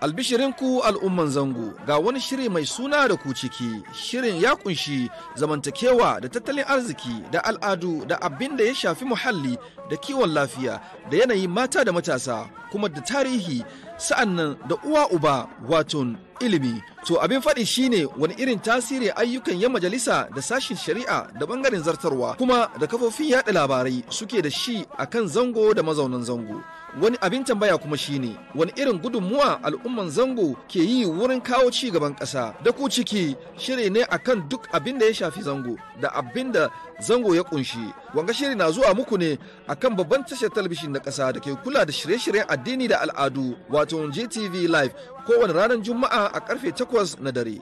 Albishirinku al'umman zango ga wani shiri mai suna da ku ciki, shirin ya kunshi zamantakewa da tattalin arziki da al'adu da abin da ya shafi muhalli da kiwon lafiya da yanayi mata da matasa kuma da tarihi sa'annan da uwa uba wato ilimi. To abin faɗi shine wani irin tasiri ayyukan yan majalisa da sashin shari'a da bangaren zartarwa kuma da kafofin yaɗa labarai suke da shi akan zango da mazaunan zango. wani abin tambaya kuma shine wani irin gudunmuwa al'umman zango ke yi wurin kawo ci gaban ƙasa da ku ciki shiri ne akan duk abin da ya shafi zango da abin da zango ya kunshi wanga shiri na zuwa muku ne akan babban tashar talabishin na ƙasa da ke kula da shirye-shiryen addini da al'adu wato GTV live kowane ranar juma'a a karfe 8 na dare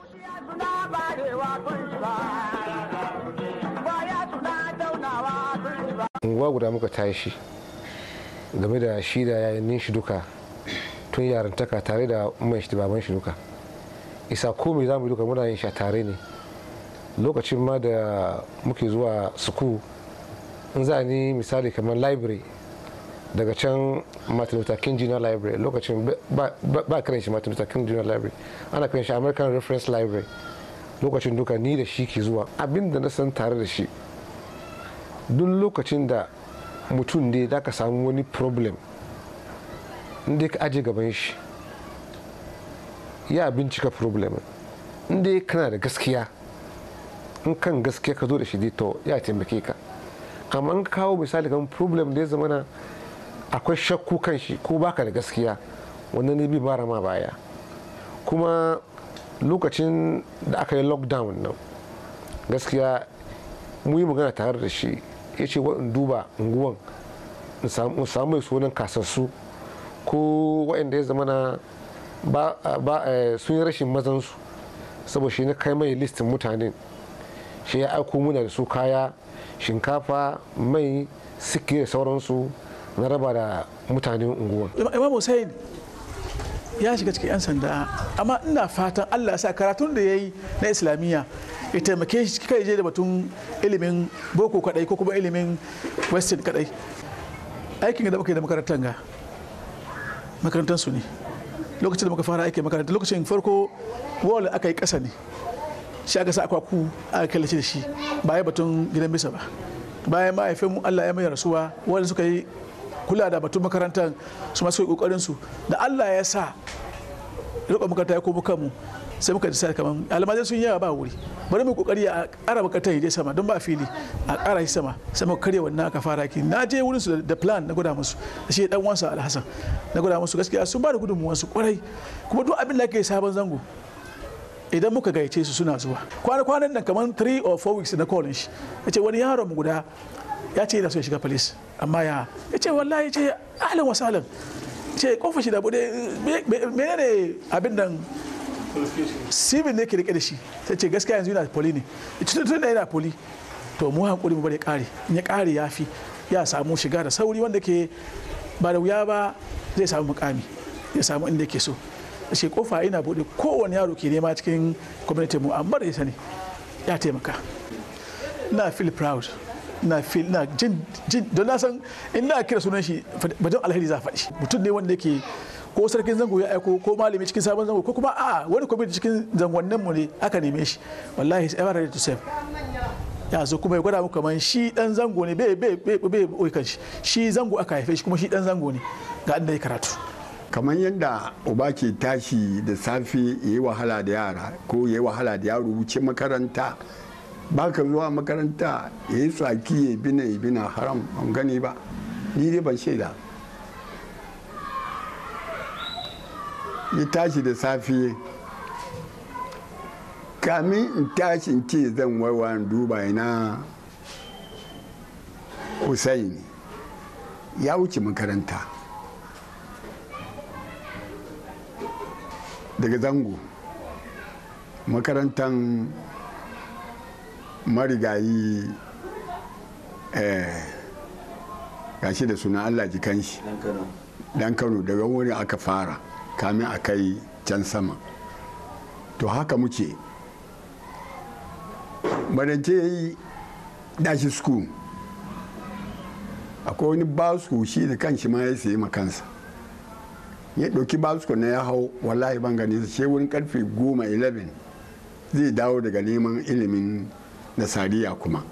wa guda muka tashi game da shi da yayin shi duka tun yarantaka tare da mai shi baban shi duka isa ko za mu duka muna yin shi tare ne lokacin ma da muke zuwa suku in za ni misali kamar library daga can martin luther king junior library lokacin ba kiran shi martin luther king junior library ana kiran shi american reference library lokacin duka ni da shi ke zuwa abin da na san tare da shi duk lokacin da mutum ne da ka samu wani problem inda ka aje gaban shi ya bincika problem inda kana da gaskiya in kan gaskiya ka zo da shi to ya taimake ka amma in kawo misali kan problem da ya zama na akwai shakku kan shi ko baka da gaskiya wannan ne bi bara ma baya kuma lokacin da aka yi lockdown nan gaskiya mu yi magana tare da shi ya ce in duba unguwan in samu mai sunan kasassu ko waɗanda ya zama na eh, sun yi rashin mazansu saboda shi na kai mai listin mutanen shi ya aiko muna da su kaya shinkafa mai sikki da sauransu na raba da mutanen unguwan imam hussein ya shiga cikin 'yan sanda amma ina fatan allah sa karatun da ya yi na islamiyya ya taimake shi kika je da batun ilimin boko kadai ko kuma ilimin western kadai aikin da muka yi da makarantar ga makarantar su ne lokacin da muka fara aikin makarantar lokacin farko wall aka yi kasa ne shi aka sa akwaku aka kallace da shi ba ya batun gidan bisa ba bayan mahaifin Allah ya mai rasuwa wanda suka yi kula da batun makarantar su masu yi kokarin su da Allah ya sa riƙa makaranta ya komo kanmu sai muka ji kaman almajiri sun yawa ba wuri bari mu kokari a ƙara makatar ya sama don ba fili a ƙara shi sama sai muka karya wannan aka fara ki na je wurin su da plan na gwada musu da shi dan wansa alhasan na gwada musu gaskiya sun ba da gudunmuwan su kwarai kuma duk abin da ke sabon zango idan muka gayyace su suna zuwa kwana-kwanan nan kaman 3 or 4 weeks na kolin shi ya ce wani yaron guda ya ce yana so ya shiga police amma ya ya ce wallahi ya ce ahlan wasalan ce kofa shi da bude menene abin nan civil ne ke rike da shi sai ce gaskiya yanzu yana poli ne tun da yana poli to mu hankuri mu bari kare in ya kare ya fi ya samu shiga da sauri wanda ke ba da wuya ba zai samu mukami ya samu inda ke so shi kofa ina bude kowane yaro ke nema cikin community mu amma da ya sani ya taimaka na feel proud na feel na jin don na san in kira sunan shi bajan alheri za faɗi mutum ne wanda ke. ko sarkin zango ya aiko ko malami cikin sabon zango ko kuma a wani kwamiti cikin zangonnin mu ne aka neme shi wallahi is ever ready to serve ya zo kuma ya gwada muku kamar shi dan zango ne bai bai bai bai kan shi shi zango aka haife shi kuma shi dan zango ne ga inda ya karatu kamar yadda uba ke tashi da safe ya yi wahala da yara ko ya yi wahala da yaro wuce makaranta ba ka zuwa makaranta ya yi tsaki ya bina ya bina haram ban gani ba ni dai ban shaida ya tashi da safiye kamin in tashi in ce zan waiwa in duba ina Hussaini ya wuce makaranta daga zango makarantan marigayi eh, gashi da suna allah jikan shi dan kano daga wurin aka fara kamin a kai can sama to haka muke barance ya yi dashi school akwai wani basu shi da kanshi ma ya sayi makansa ya ɗauki basu na ya hau wallahi ban gani shi wurin karfe goma 11 zai dawo daga neman ilimin nasariya kuma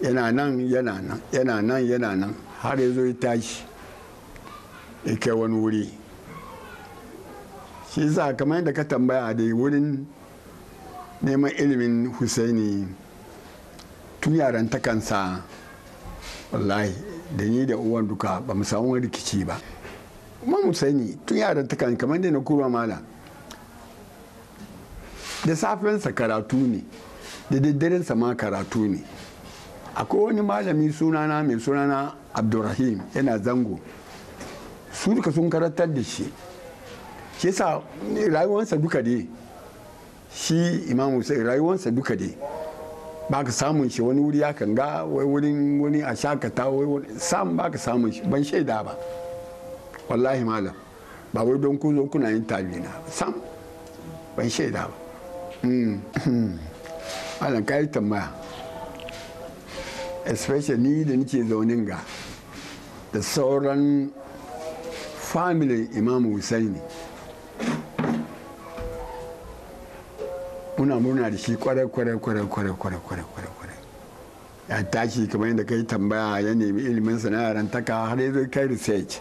yana nan yana nan yana nan yana nan har ya zo ya tashi ya kai wani wuri shi yasa kamar yadda ka tambaya da wurin neman ilimin husaini tun yaran ta kansa wallahi da ni da uwan duka ba mu samu rikici ba kuma husaini tun yaran ta kan kamar da na kurma mala da safensa karatu ne da daddarensa ma karatu ne akwai wani malami sunana mai sunana abdulrahim yana zango su duka sun karatar da shi shi yasa rayuwarsa duka dai shi imam sai rayuwarsa duka dai ba ka samun shi wani wuri ya kan ga wai wurin wani a shakata wai sam ba ka samun shi ban shaida ba wallahi malam ba wai don ku zo kuna yin tabi na sam ban shaida ba hmm, hmm. malam ka yi tambaya especially ni da nake zaunin ga da sauran familin imamu husaini muna murna da shi kwarai kwarai kwarai kwarai kwarai kwarai kwarai kwarai ya tashi kamar yadda kai tambaya ya nemi ilimin sana'ar taka har yi kai research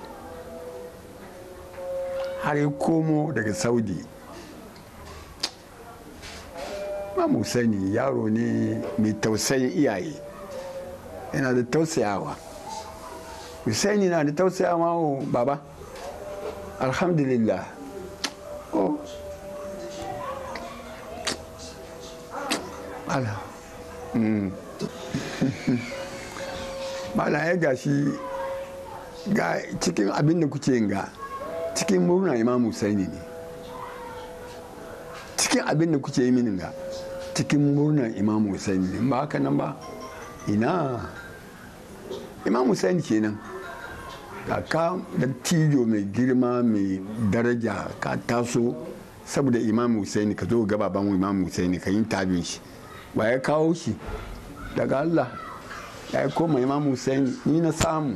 har yi komo daga saudi mu sani yaro ne mai tausayin iyaye yana da tausayawa Hussaini na da tausayawa baba alhamdulillah oh mala mala hmm. ya gashi ga cikin abin da kuke yin ga cikin murna imam husaini ne cikin abin da kuke yi mini ga cikin murna imam husaini ne ba haka nan ba ina imam husaini kenan ka da tijo mai girma mai daraja ka taso saboda imam husaini ka zo gababan imam husaini ka yi tabin shi wa ya kawo shi daga Allah ya yi koma imam Hussein ni na samu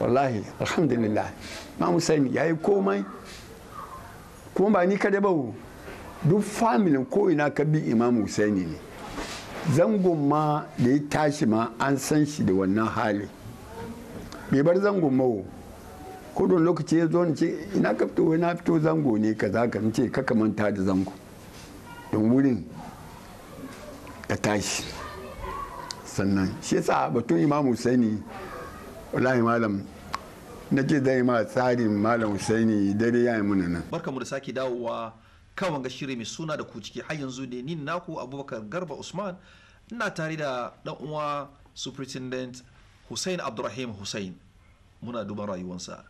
wallahi alhamdulillah imam Hussein ya yi komai kuma ba ni kada ba duk familin ko ina ka bi imam Hussein ne zangon ma da ya tashi ma an san shi da wannan hali bai bar zangon ma kudin lokaci ya zo ce ina ka fito na fito zango ne ka za ka ce ka manta da zango don wurin ka tashi sannan shi yasa batun imam husaini wallahi malam na ce zai ma tsarin malam husaini dare ya yi muna nan barka mu da sake dawowa kan wanga shiri mai suna da ku ciki har yanzu ne ni naku abubakar garba usman ina tare da dan uwa superintendent hussein abdurrahim hussein muna duba rayuwarsa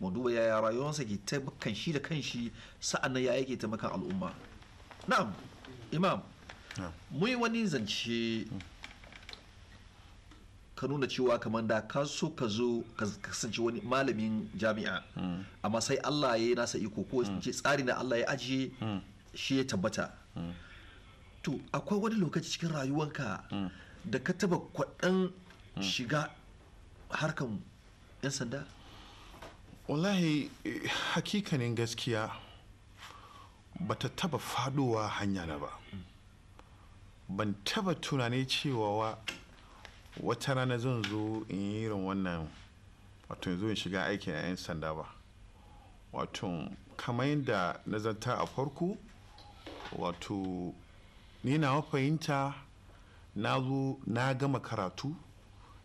mu duba yaya rayuwarsa ke taimakan shi da kanshi sa'an nan ya yake taimakan al'umma na'am imam mun yi wani zance ka nuna cewa kamar da ka so ka zo ka kasance wani malamin jami'a amma sai Allah ya yi nasa iko ko tsari na Allah ya aji shi ya tabbata to akwai wani lokaci cikin rayuwanka da ka taba kwaɗan shiga harkan 'yan sanda wallahi hakikanin gaskiya bata taba fadowa hanya na ba ban taba tunani cewa wa wata rana zan zo in yi irin wannan wato yanzu in shiga aikin 'yan sanda ba wato kamar yadda na a farko wato ni na fahimta na zo na gama karatu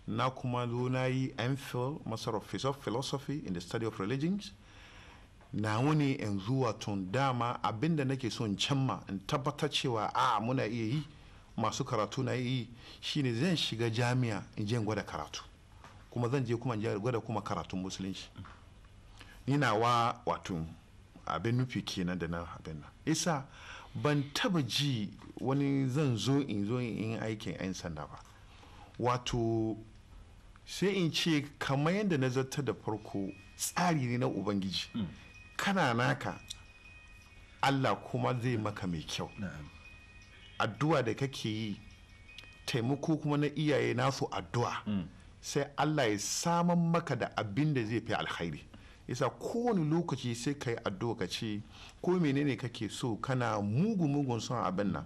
na kuma zo na yi amphil master of philosophy in the study of religions na wani yanzu wato dama abinda nake son cimma in tabbatar cewa a muna iya yi masu karatu na yi shine zan shiga jami'a in je gwada karatu kuma zan je kuma gwada kuma karatun musulunci ni na wa wato abin nufi kenan da na abin nan isa ban taba ji wani zan zo in zo in aikin 'yan sanda ba wato sai in ce kamar yadda na zarta da farko tsari ne na ubangiji hmm. kana naka allah kuma zai maka mai kyau addu'a da kake yi taimako kuma na iyaye nasu addu'a mm. sai Allah ya saman maka da abin da zai fi alkhairi yasa kowane lokaci sai ka yi addu'a ka ce ko menene kake so kana mugu mugun son abin nan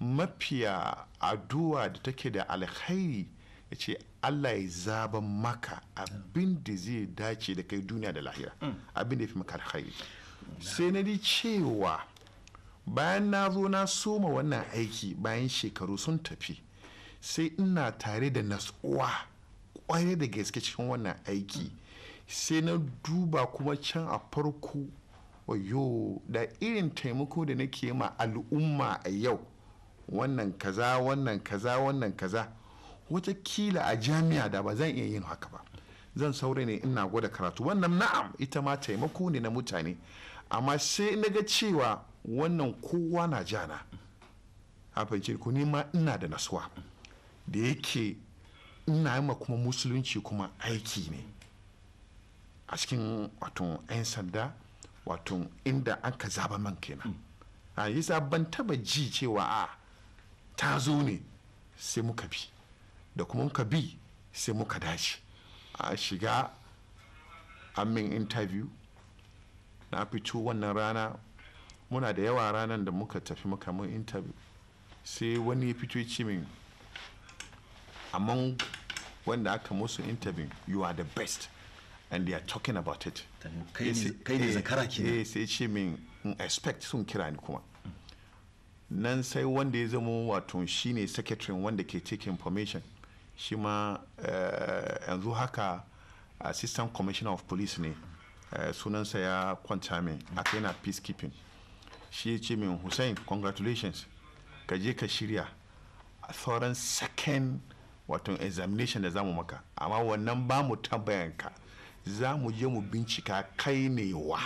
mafiya addu'a da take da alkhairi ya ce Allah ya zaban maka abin da zai dace da kai duniya da lahira mm. abin da ya fi maka alkhairi sai na di cewa bayan na zo na soma wannan aiki bayan shekaru sun tafi sai ina tare da nasuwa kwarai da gaske cikin wannan aiki sai na duba kuma can a farko wayo da irin taimako da nake ma al'umma a yau wannan kaza wannan kaza wannan kaza wata kila a jami'a da ba zan iya yin haka ba zan saurayi ne ina gwada karatu wannan na'am ita ma taimako ne na mutane amma sai na ga cewa wannan kowa na jana a fahimci ko ma ina da nasuwa da yake ina yi kuma musulunci kuma aiki ne a cikin wato 'yan sanda wato inda an ka zaba man kenan a yi ban taba ji cewa a ta zo ne sai muka bi da kuma muka bi sai muka dace a shiga amin interview na fito wannan rana muna da yawa ranar da muka tafi muka mun interview sai wani ya fito ce min among wanda aka musu interview you are the best and they are talking about it kai ne eh, zakara ke ne eh, sai ce min mm, in expect sun kira ni kuma nan sai wanda ya zama wato shine secretary wanda ke take information shi ma eh, yanzu haka assistant commissioner of police ne sunansa ya kwanta min aka yana peacekeeping shi ya ce min hussein congratulations ka je ka shirya a sauran second wato examination da zamu maka amma wannan ba mu tambayanka za mu je mu bincika kai ne wa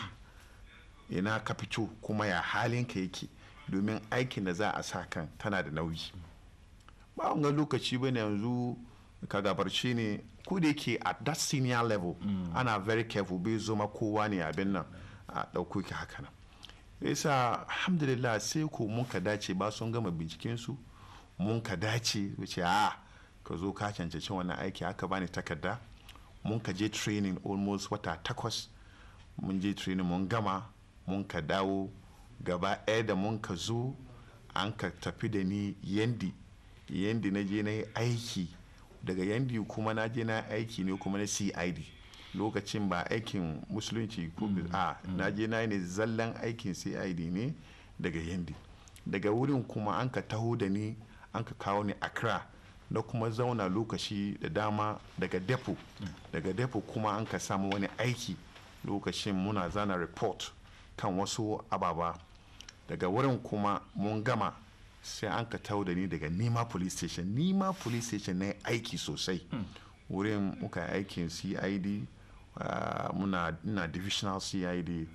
ina ka fito kuma ya halinka yake domin aikin da za a sa kan tana da nauyi ba wanga lokaci ne yanzu ka gabarci ne ku da yake at that senior level mm. ana very careful bai zoma kowa ne abin nan a ɗauko ki haka yasa alhamdulillah sai ko mun ka dace ba sun gama binciken su mun ka dace wuce a ah, ka zo ka cancanci wannan aiki aka bani takarda mun ka je training almost wata takwas mun je training mun gama mun ka dawo gaba ɗaya da mun ka zo an ka tafi da ni yandi yandi na je na yi aiki daga yandi kuma na je na aiki ne kuma na cid lokacin ba aikin musulunci ko mm. a mm. na je na ne zallan aikin cid ne daga yandi daga wurin kuma an ka taho da ni an ka kawo ni accra na kuma zauna lokaci da dama daga depo mm. daga depo kuma an ka samu wani aiki lokacin muna zana report kan wasu ababa daga wurin kuma mun gama sai an ka taho da ni daga nema police station nema police station na aiki sosai wurin muka aikin cid Ah, muna ina divisional cid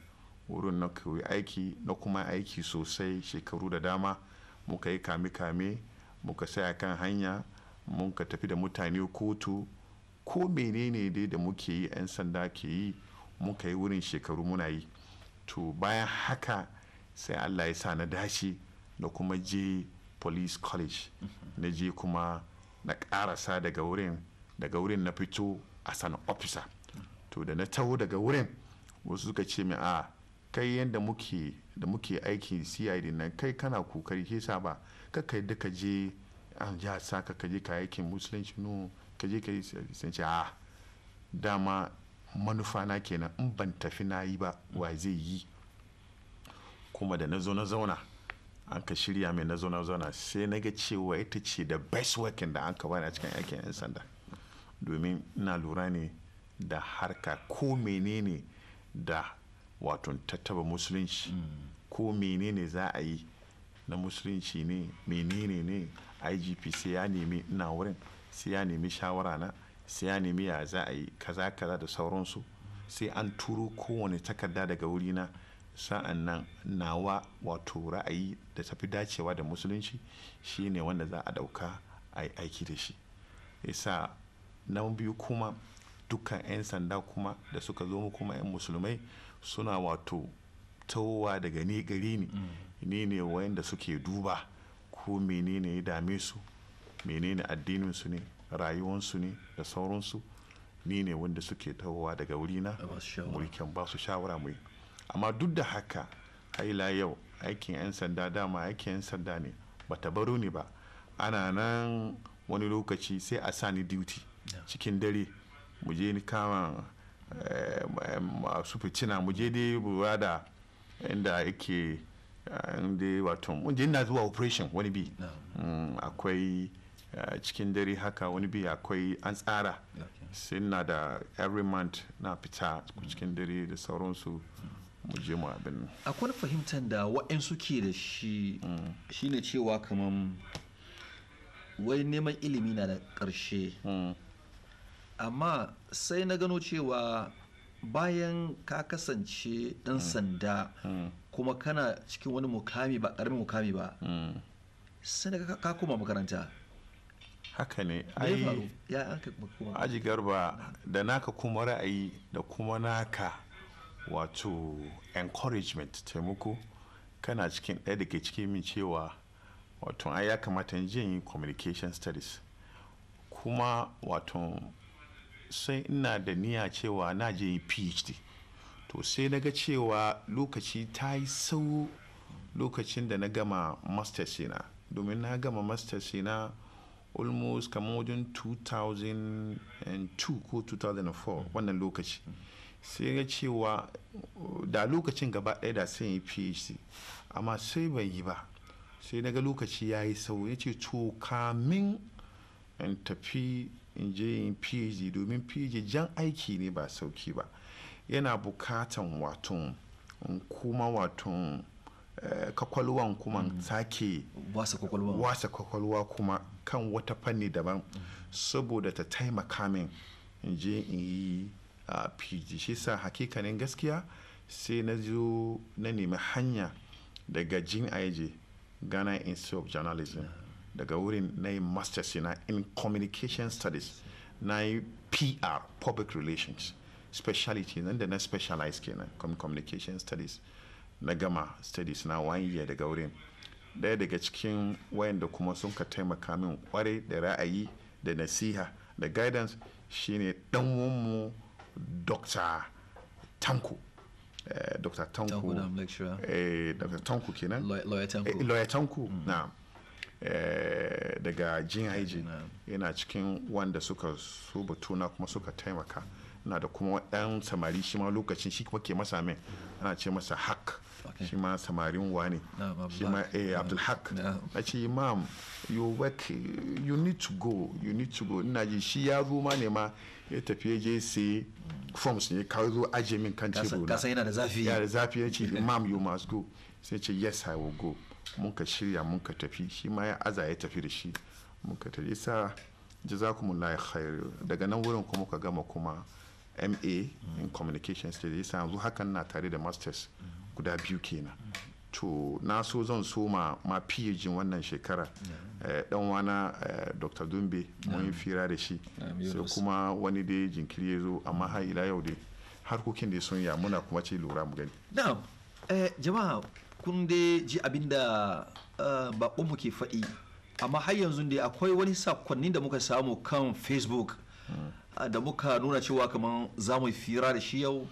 wurin na koyi aiki na kuma aiki sosai shekaru da dama muka yi kame-kame muka a kan hanya muka tafi da mutane kotu ko menene dai da muke yi 'yan sanda ke yi muka yi wurin shekaru muna yi to bayan haka sai allah ya sa na dace na kuma je police college mhm. na je kuma na karasa daga wurin daga wurin na fito a san officer to da na taho daga wurin wasu suka ce min a ah, kai yadda muke da muke aiki cid nan kai kana kokari ke sa ba kakai kai da ka je an ah, ja sa ka ka je ka aikin musulunci no ka je ka yi ce a ah, dama manufa na kenan in ban tafi na yi ba wa zai yi kuma da na zo na zauna an ka shirya mai na zo na zauna sai na ga cewa ita ce da best working da an ka bani a cikin aikin 'yan sanda domin ina lura ne da harka ko menene da wato tattaba musulunci mm. ko menene za a yi na musulunci ne menene ne igp sai ya nemi ina wurin sai ya nemi shawara na sai ya nemi ya za a yi kaza kaza da sauransu sai an turo kowane takarda daga wurina sa'an nan nawa wato ra'ayi da tafi dacewa da musulunci shine wanda za a dauka a yi aiki da shi yasa na biyu kuma dukkan 'yan sanda kuma da suka zo mu kuma 'yan musulmai suna wato tawowa daga ni gari ne mm. ni ne wayanda suke duba ko menene ya dame su menene addinin su ne rayuwansu ne da sauransu ni ne wanda suke tawowa daga wurina mulkin ba su shawara mu amma duk da haka haila yau aikin 'yan sanda dama aikin 'yan sanda ne bata baro ni ba ana nan wani lokaci sai a sani duty cikin dare mu je kama eh, masu ficina mu je dai buwa da inda yake eh, inda wato mun je ina zuwa operation wani bi mm, akwai eh, cikin dare haka wani bi akwai an tsara sai na da every month na fita mm. cikin dare da sauransu mu je mu abin akwai fahimtar da waɗansu ke da shi mm. shine cewa kamar wai neman ilimi na da ƙarshe amma sai na gano cewa bayan ka kasance ɗan hmm. sanda hmm. kuma kana cikin wani mukami ba ƙaramin mukami ba hmm. sai daga ka koma makaranta haka ne ai aji garba da naka kuma ra'ayi da kuma naka wato encouragement taimako kana cikin ɗaya da ke cikin min cewa wato ai ya kamata in yi communication studies kuma wato sai ina da niyya cewa na je phd to sai na ga cewa lokaci ta yi sau lokacin da na gama masters na domin na gama masters na almost kamar wajen 2002 ko 2004 wannan lokaci sai ga cewa da lokacin gaba ɗaya da sai yi phd amma sai bai yi ba sai na ga lokaci ya yi sau ya ce to kamin in tafi in je yin phd domin phd jan aiki ne ba sauki ba yana bukatan waton kuma waton eh, Uh, kuma mm. sake wasa kwakwalwa kuma kan wata fanni daban saboda ta taimaka min in je in yi phd pg shi sa hakikanin gaskiya sai na zo na nemi hanya daga jin aije ghana institute of journalism daga wurin na yi masters na in communication studies na yi pr public relations speciality nan da na specialize kenan communication studies na gama studies na one year daga wurin daya daga cikin wayanda kuma sun ka taimaka min kwarai da ra'ayi da nasiha da guidance shine dan mu dr tanku dr tanko eh, dr tanku eh, kenan lawyer tanku eh, mm. na Eh, daga aiji yana cikin wanda suka su batuna kuma suka taimaka na da kuma ɗan samari shi ma lokacin shi kuma ke masa min ana ce masa hak shi ma samarin wani shi ma eh abdulhak na ce imam you work you need to go you need to go ina ji shi ya zo ma ne ma ya tafi ya je sai forms ne ka zo aje min kan tebur kasa yana da zafi ya da zafi ya ce imam you must go sai ce yes i will go muka shirya muka tafi shi ma ya aza ya tafi da shi muka tafi sa jazakumullah khair daga nan wurin kuma ka gama kuma ma in communication studies sa yanzu hakan na tare da masters guda biyu kenan to na so zan so ma ma phd wannan shekara eh, dan wana eh, dr dumbe mun yi fira da shi sai kuma wani dai jinkiri ya zo amma har ila yau dai harkokin da sun ya muna kuma ce lura mu gani na'am eh, jama'a kun dai ji abin da eh, bakonmu ke faɗi amma har yanzu dai akwai wani sakonni da muka samu kan facebook eh, da muka nuna cewa kamar za mu fira da shi yau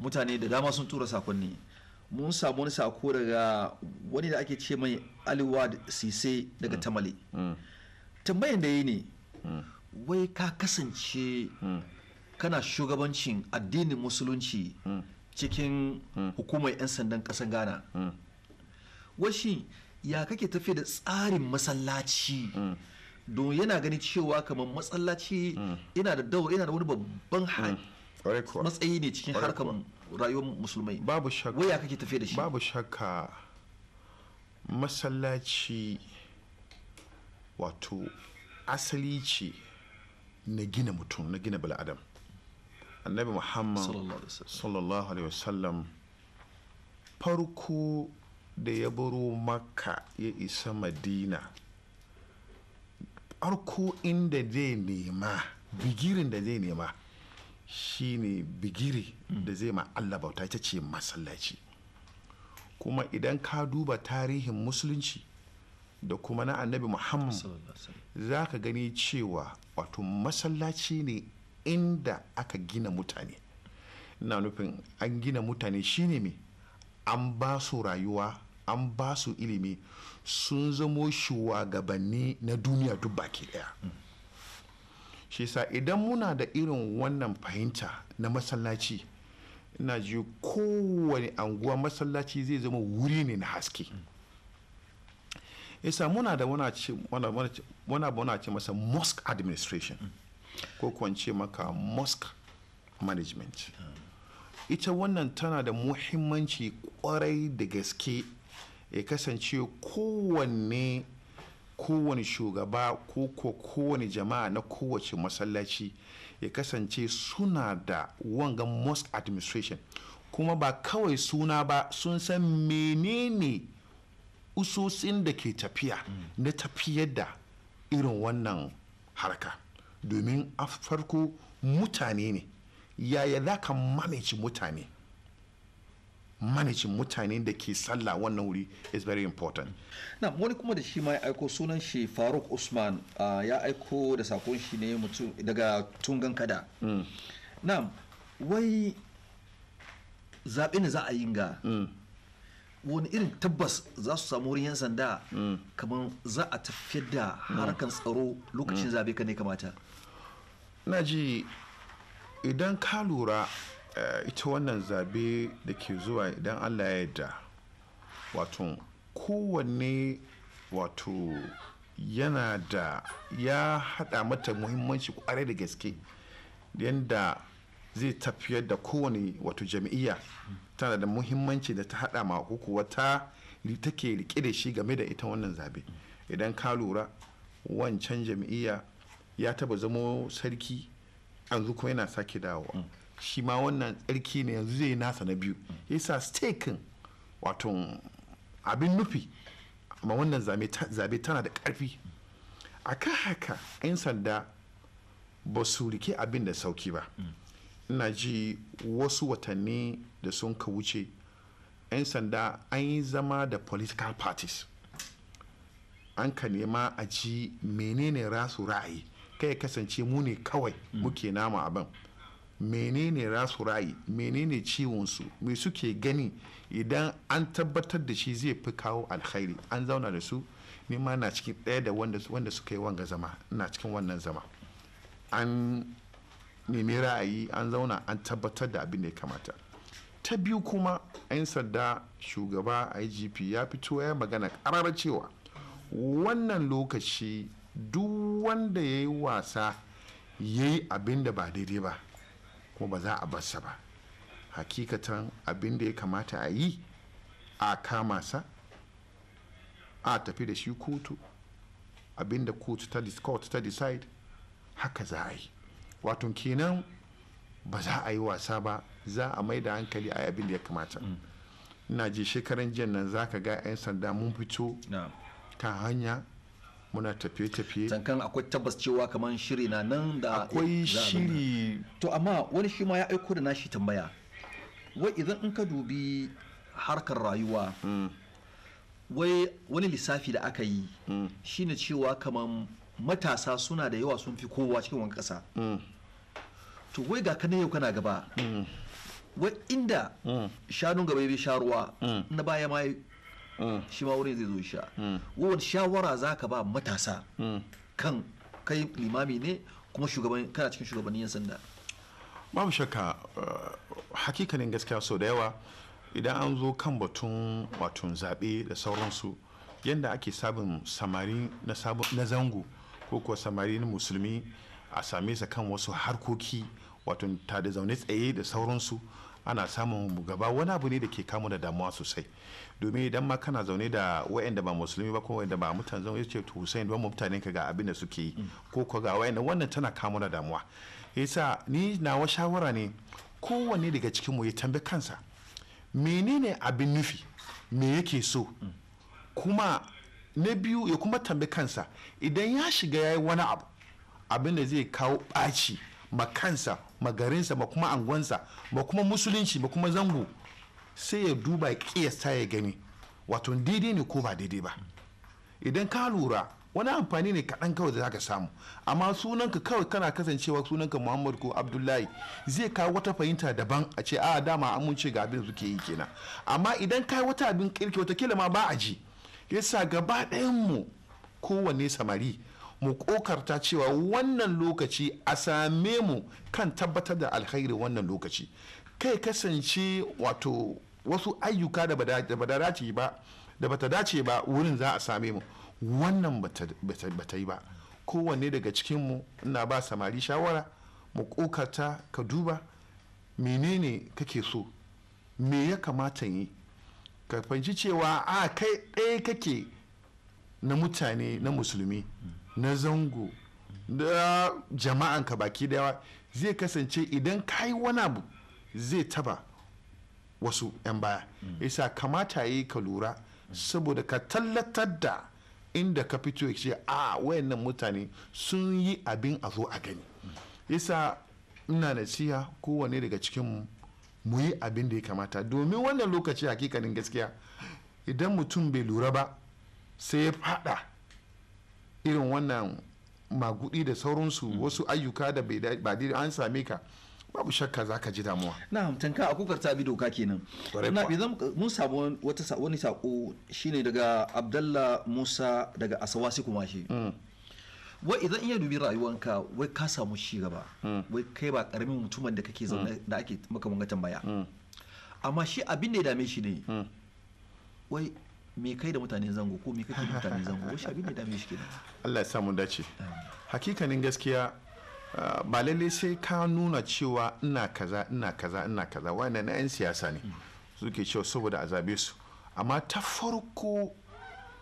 mutane da dama sun tura sakonni mun samu wani sako daga wani da ake ce mai aliwad sise daga mm. tamale mm. tambayan da yi ne mm. wai ka kasance kana shugabancin addinin musulunci cikin hukumar 'yan sandan ƙasar ghana washi ya kake tafi da tsarin masallaci mm. don yana ganin cewa kamar masallaci mm. yana da dawo yana da wani babban mm. matsayi ne cikin harkar rayuwar musulmai babu shakka waya kake tafi da shi babu shakka masallaci wato asali ce na gina mutum na gina bala'adam annabi muhammad sallallahu alaihi wasallam farko da ya baro makka ya isa madina farko inda zai nema bigirin da zai nema shine bigiri da zai ma Allah bauta ita ce masallaci kuma idan ka duba tarihin musulunci da kuma na annabi muhammad za ka gani cewa wato masallaci ne inda aka gina mutane na nufin an gina mutane shine me an ba su rayuwa an ba su ilimi sun zamo shugabanni na duniya duk baki daya shi sa idan muna da irin wannan fahimta na masallaci ina ji kowane anguwa masallaci zai zama wuri ne na haske isa muna da wana ce masa mosque administration ko kwance maka mosque management ita wannan tana da muhimmanci kwarai da gaske ya kasance kowanne kowane shugaba ko kowane jama'a na kowace masallaci ya kasance suna da wangan most administration kuma ba kawai suna ba sun san menene usosin da ke tafiya mm. na tafiyar da irin wannan harka domin a farko mutane ne yaya za ka mamaci mutane managing mutane da ke sallah wannan wuri is very important na wani kuma da shi ma ya aiko sunan shi faruk usman ya aiko da sakon shi ne daga tungan kada mm. na wai zaɓe ne za a yi ga mm. wani irin tabbas za su samu wurin 'yan sanda mm. kamar za a tafiyar da harkar tsaro lokacin zaɓe ka ne kamata na ji idan ka lura Eh, ita wannan zabe da ke zuwa idan allah ya yarda wato kowanne wato yana da ya hada mata muhimmanci kwarai da gaske yadda zai tafiyar da kowane wato jam'iyya tana da muhimmanci da ta hada ma kuwa ta take rike da shi game da ita wannan zabe idan ka lura wancan jam'iyya ya taba zamo sarki yanzu kuma yana sake dawowa shi ma wannan tsarki ne yanzu zai nasa na biyu yasa stakin wato abin nufi amma wannan zabe tana da karfi a kan haka 'yan sanda ba su rike abin da sauki ba ina ji wasu watanni da sun ka wuce 'yan sanda an yi zama da political parties an ka nema a ji menene rasu ra'ayi kai kasance mu ne kawai muke nama abin menene rasu ra'ayi menene ciwonsu me suke gani idan an tabbatar da shi zai fi kawo alkhairi an zauna da su ne ma na cikin ɗaya da wanda suka yi wanga zama na cikin wannan zama an nemi ra'ayi an zauna an tabbatar da abin da ya kamata ta biyu kuma 'yan sanda shugaba igp ya fito ya magana ƙararar cewa wannan lokaci duk wanda ya yi wasa ya yi abin da ba daidai ba kuma ba za a barsa ba hakikatan abin da ya kamata a yi a kama sa a tafi da shi kotu abin da kotu ta court ta decide haka za a yi wato kenan ba za a yi wasa ba za a mai da hankali a abin da ya kamata mm. ina ji shekaran jiya nan za ka ga 'yan sanda mun fito kan hanya muna tafiye-tafiye tankan akwai tabbas cewa kamar shiri na nan da akwai shiri to amma wani shi ma ya aiko da nashi tambaya wai idan in ka dubi harkar rayuwa mm. wai wani lissafi da aka yi mm. shine cewa kamar matasa suna da yawa sun fi kowa cikin wani ƙasa mm. to wai ga kana yau kana gaba wai inda shanun gaba ya bi sharuwa na baya ma Mm. shi wurin zai zo sha mm. wani shawara za ka ba matasa mm. kan kai limami ne kuma shugaban kana cikin shugabannin yan sanda babu shakka uh, hakikalin gaskiya sau da yawa idan an zo kan batun watun zaɓe da sauransu yadda ake sabon samari na zango ko kuwa samari na musulmi a same sa kan wasu harkoki wato ta da zaune tsaye da sauransu ana samun gaba wani abu ne da ke kamu da damuwa sosai domin idan ma kana zaune da da ba musulmi ba ko da ba mutan zaune ce to Hussein don mutane ka ga abin da suke yi mm. ko ko ga wannan tana kamu da damuwa yasa ni nawa shawara ne kowanne daga cikin mu ya tambi kansa menene abin nufi me yake so mm. kuma na biyu ya kuma tambi kansa idan ya shiga ya yi wani abu abin da zai kawo ɓaci ma kansa ma garinsa ma kuma angonsa ma kuma musulunci ma kuma zango sai ya duba kiyasta ya gani wato daidai ne ko ba daidai ba idan ka lura wani amfani ne kaɗan kawai da za ka samu amma sunanka kawai kana kasancewa sunanka muhammad ko abdullahi zai kawo wata fahimta daban a ce a dama amince ga abin da suke yi kenan amma idan kai wata abin kirki wata ma ba a ji yasa gaba ɗayan mu kowanne samari mu kokarta cewa wannan lokaci a same mu kan tabbatar da alkhairi wannan lokaci kai kasance wato wasu ayyuka da ba dace ba da bata dace ba wurin za a same mu wannan bata yi ba kowanne daga cikinmu ina ba samari shawara mu kokarta ka duba menene kake so me ya kamata yi ka fahimci cewa a kai ɗaya kake na mutane na musulmi mm. na zango da jama'an ka baki dawa zai kasance idan ka yi wani abu zai taba wasu 'yan baya isa mm. kamata yi ka lura saboda ka tallatar da inda ka fito ya ce a wayannan mutane sun yi abin a zo a gani isa mm. ina nasiha kowane daga cikin mu yi abin da ya kamata domin wannan lokaci hakikanin gaskiya idan mutum bai lura ba sai ya fada irin wannan magudi da sauransu mm. wasu ayyuka da ba an same ka babu shakka za ka ji damuwa na tanka a kukar ta bi doka kenan na zan mun samu wani sako shine daga abdallah musa daga asawasi kuma shi mm. wai idan iya dubi rayuwanka wai ka samu shi gaba mm. wai kai ba karamin mutumin da kake zaune da ake maka mun tambaya amma shi abin da ya dame shi ne wai me kai da mutane zango ko me kake da mutane zango wasu abin da dame shi kenan Allah ya samu dace hakikanin gaskiya ah, ba lalle sai ka nuna cewa ina kaza ina kaza ina kaza wannan na yan siyasa ne hmm. suke cewa saboda a zabe su amma ta farko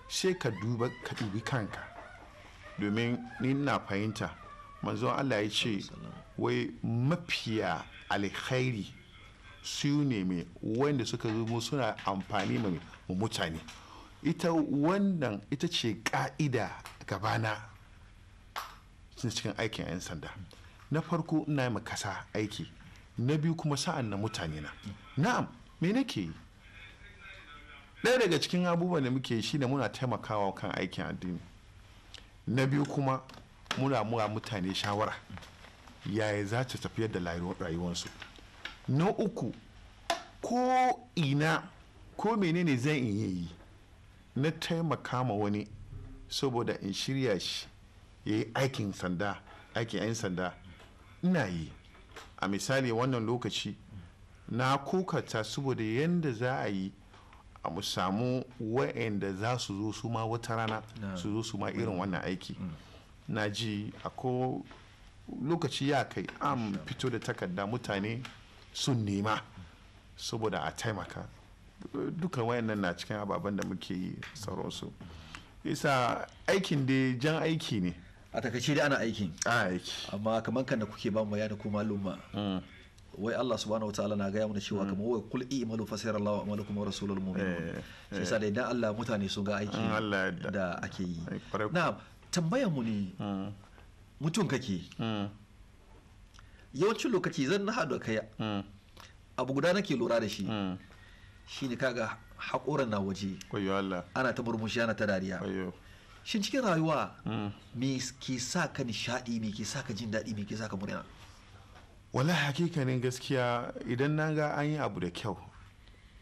sai ka duba ka dubi kanka domin ni na fahimta manzon Allah ya ce wai mafiya alkhairi su ne mai wanda suka zo suna amfani mai mutane ita wannan ita ce ka'ida gabana cikin aikin 'yan sanda na farko ina yi kasa aiki na biyu kuma sa'an na mutane na na'am me nake yi ɗaya daga cikin abubuwan da muke shi ne muna taimakawa kan aikin addini na biyu kuma muna mura mutane shawara yaya za ta tafiyar da rayuwarsu na uku ko ina ko menene zan iya yi na taimaka ma wani saboda in shirya shi ya yi aikin sanda aikin 'yan sanda ina yi a misali wannan lokaci na kokata saboda yadda za a yi a mu samu wa'anda za su zo su ma wata rana su zo su ma irin wannan aiki mm. na ji a ko lokaci ya kai an fito da takarda mutane sun nema saboda a taimaka duka wayannan na cikin ababen da muke yi sauransu isa aikin da jan aiki ne a takaice dai ana aikin aiki amma kamar kan da kuke ba mu bayani ko maluma wai Allah subhanahu wataala na gaya mana cewa hmm. kamar wai kul i'malu fa Allah wa amalukum wa rasulul mu'minun eh, sai eh. yasa dai dan Allah mutane sun ga aiki hmm, da ake yi eh, na tambayar mu ne hmm. mutum kake yawancin lokaci zan na haɗu kai abu guda nake lura da shi shine kaga haƙoran na waje ana ta murmushi ana ta dariya shin cikin rayuwa mm. me ke sa ka nishaɗi me ke sa ka jin daɗi me ke sa ka murna wala hakikanin gaskiya idan na ga an yi abu da kyau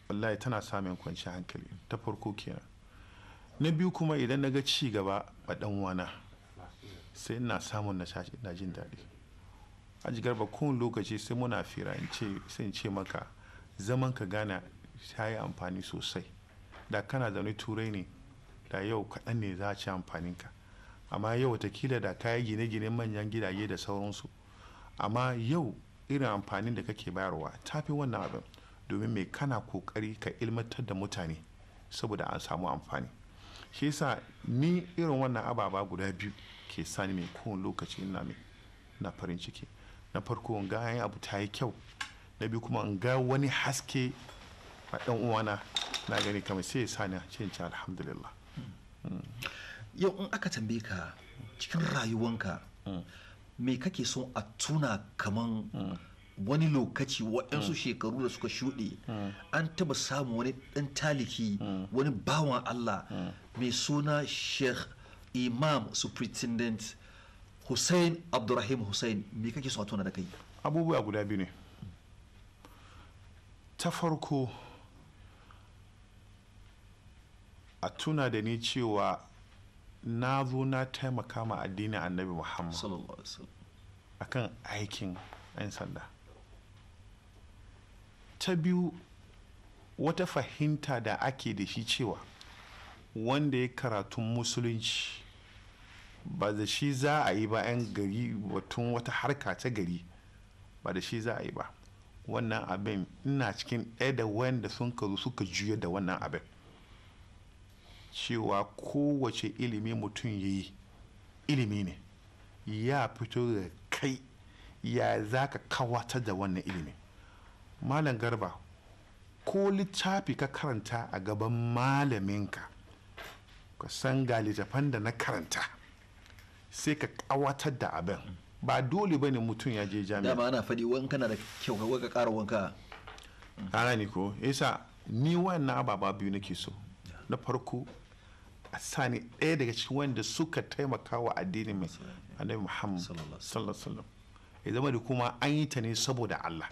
wallahi tana samun kwanci hankali ta farko kenan na biyu kuma idan na ga ci gaba a dan wana sai ina samun na jin daɗi a jigar ba kowane lokaci sai muna fira in ce in ce maka zaman ka gana ta yi amfani sosai da kana zaune turai ne da yau kaɗan ne za a ci amfaninka amma yau watakila da yi gine-gine manyan gidaje da sauransu amma yau irin amfanin da kake bayarwa ta fi wannan abin domin mai kana kokari ka ilmantar da mutane saboda an samu amfani shi yasa ni irin wannan ababa guda biyu ke sani mai kowane lokaci ina mai na farin ciki na farko in ga abu ta yi kyau na biyu kuma in ga wani haske a ɗan uwana na gani kamar sai ya sani cikin in alhamdulillah yau in aka tambaye ka cikin rayuwanka mm. me kake son a tuna kaman mm. wani lokaci waɗansu mm. shekaru da suka shuɗe an taɓa samun wani ɗan taliki wani bawan Allah mai suna sheikh imam superintendent hussein abdurrahim hussein me kake son a tuna da kai abubuwa guda biyu ne ta farko a tuna da ni cewa na zo na taimaka ma addinin annabi muhammad a kan aikin 'yan sanda ta biyu wata fahimta da ake da shi cewa wanda ya karatun musulunci ba da shi za a yi ba 'yan gari batun wata harka ta gari ba da shi za a yi ba wannan abin ina cikin ɗaya da wanda sun karu suka juya da wannan abin cewa kowace ilimi mutum ya yi ilimi ne ya fito da kai ya za ka kawatar da wannan ilimi malam garba ko littafi ka karanta a gaban malaminka ka san ga littafan da na karanta sai ka kawatar da abin ba dole bane mutum ya je jami'a dama ana faɗi wanka na da kyau ka ƙara wanka ana ni ko isa ni wannan ababa biyu nake so na farko a sani ɗaya daga cikin wanda suka taimaka wa addinin mai annabi muhammad sallallahu ya zama da kuma an yi ta ne saboda allah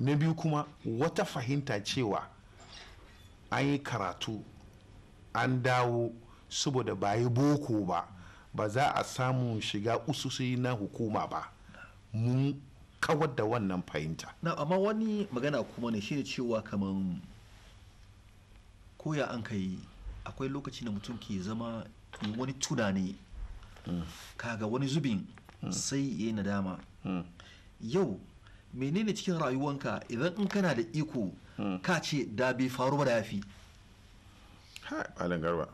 na biyu kuma wata fahimta cewa an yi karatu an dawo saboda ba yi boko ba ba za a samu shiga ususi na hukuma ba mun kawar da wannan fahimta na amma wani magana kuma ne shine cewa kamar koya ya an ka akwai lokaci da mutum ke zama wani tunani mm. kaga wani zubin mm. sai ya yi nadama mm. yau menene cikin rayuwanka idan in kana da iko ka ce da bai faru ba da yafi garba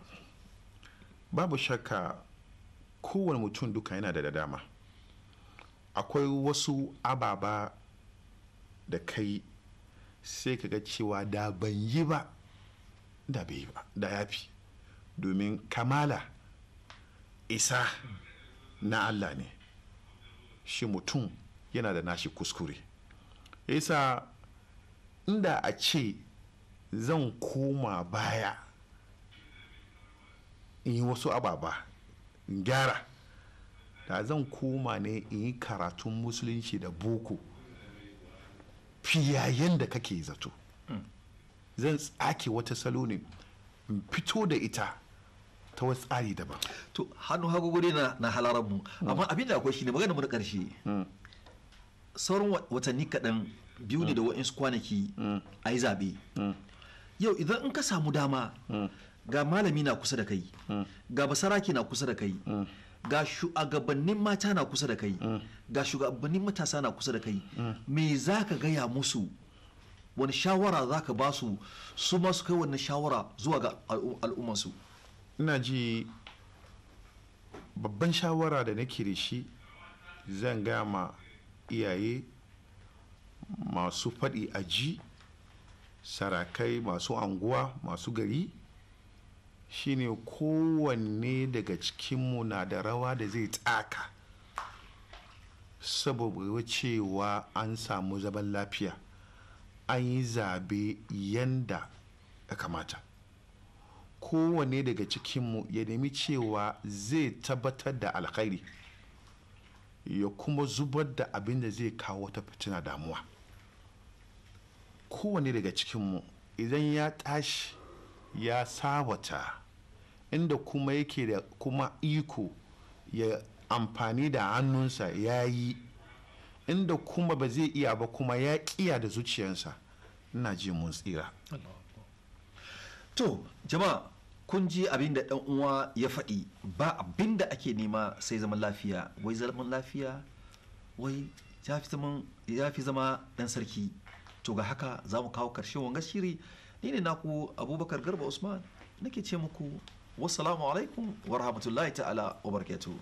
babu shakka kowane mutum duka yana da dama akwai wasu ababa da kai sai kaga cewa da ban yi ba da bai ba da ya fi domin kamala isa na allah ne shi mutum yana da nashi kuskure isa inda a ce zan koma baya in yi wasu ababa in gyara da zan koma ne in yi karatun musulunci da boko fiyayen da kake zato hmm. zan tsake wata salo ne fito da ita ta wasu tsari daban to hannu hagu guri na, na halarar mu amma abin da akwai shine magana mu karshe hmm. sauran watanni kaɗan biyu ne da hmm. wa'insu kwanaki hmm. a yi zaɓe yau idan in ka samu dama ga malami na kusa da kai ga basaraki na kusa da kai ga shugabannin mata na kusa da kai ga shugabannin matasa na kusa da kai me za ka gaya musu wani shawara za ka ba su su masu kai wani shawara zuwa ga al'ummansu ina ji babban shawara da nake da shi zan gaya ma iyaye masu faɗi a ji sarakai masu anguwa masu gari shine kowanne daga cikinmu na da rawa da zai tsaka saboda cewa an samu zaman lafiya an yi zabe yanda ya kamata kowane daga cikinmu ya nemi cewa zai tabbatar da alkhairi ya kuma zubar da abin da zai kawo wata fitina damuwa kowane daga cikinmu idan ya tashi ya sabata inda kuma yake da kuma iko ya amfani da hannunsa ya yi inda kuma ba zai iya ba kuma ya kiya da zuciyarsa ina ji mun tsira to jama'a kun ji abin da dan uwa ya faɗi ba abin da ake nema sai zaman lafiya wai zaman lafiya wai ya fi zama dan sarki to ga haka za mu kawo karshen wanga shiri ni ne naku abubakar garba usman nake ce muku wasu alaikum wa rahmatullahi ta'ala wa barakatuh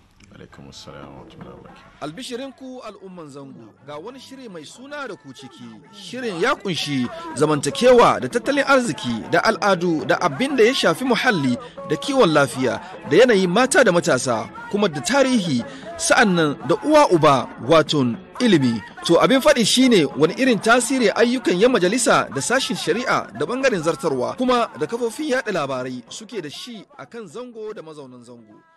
Albishirin ku al'umman zango ga wani shiri mai suna da ku ciki shirin ya kunshi zamantakewa da tattalin arziki da al'adu da abin da ya shafi muhalli da kiwon lafiya da yanayi mata da matasa kuma da tarihi sa'annan da uwa uba waton ilimi to abin faɗi shine wani irin tasiri ayyukan yan majalisa da sashin shari'a da bangaren zartarwa kuma da kafofin yaɗa labarai suke da shi akan zango da mazaunan zango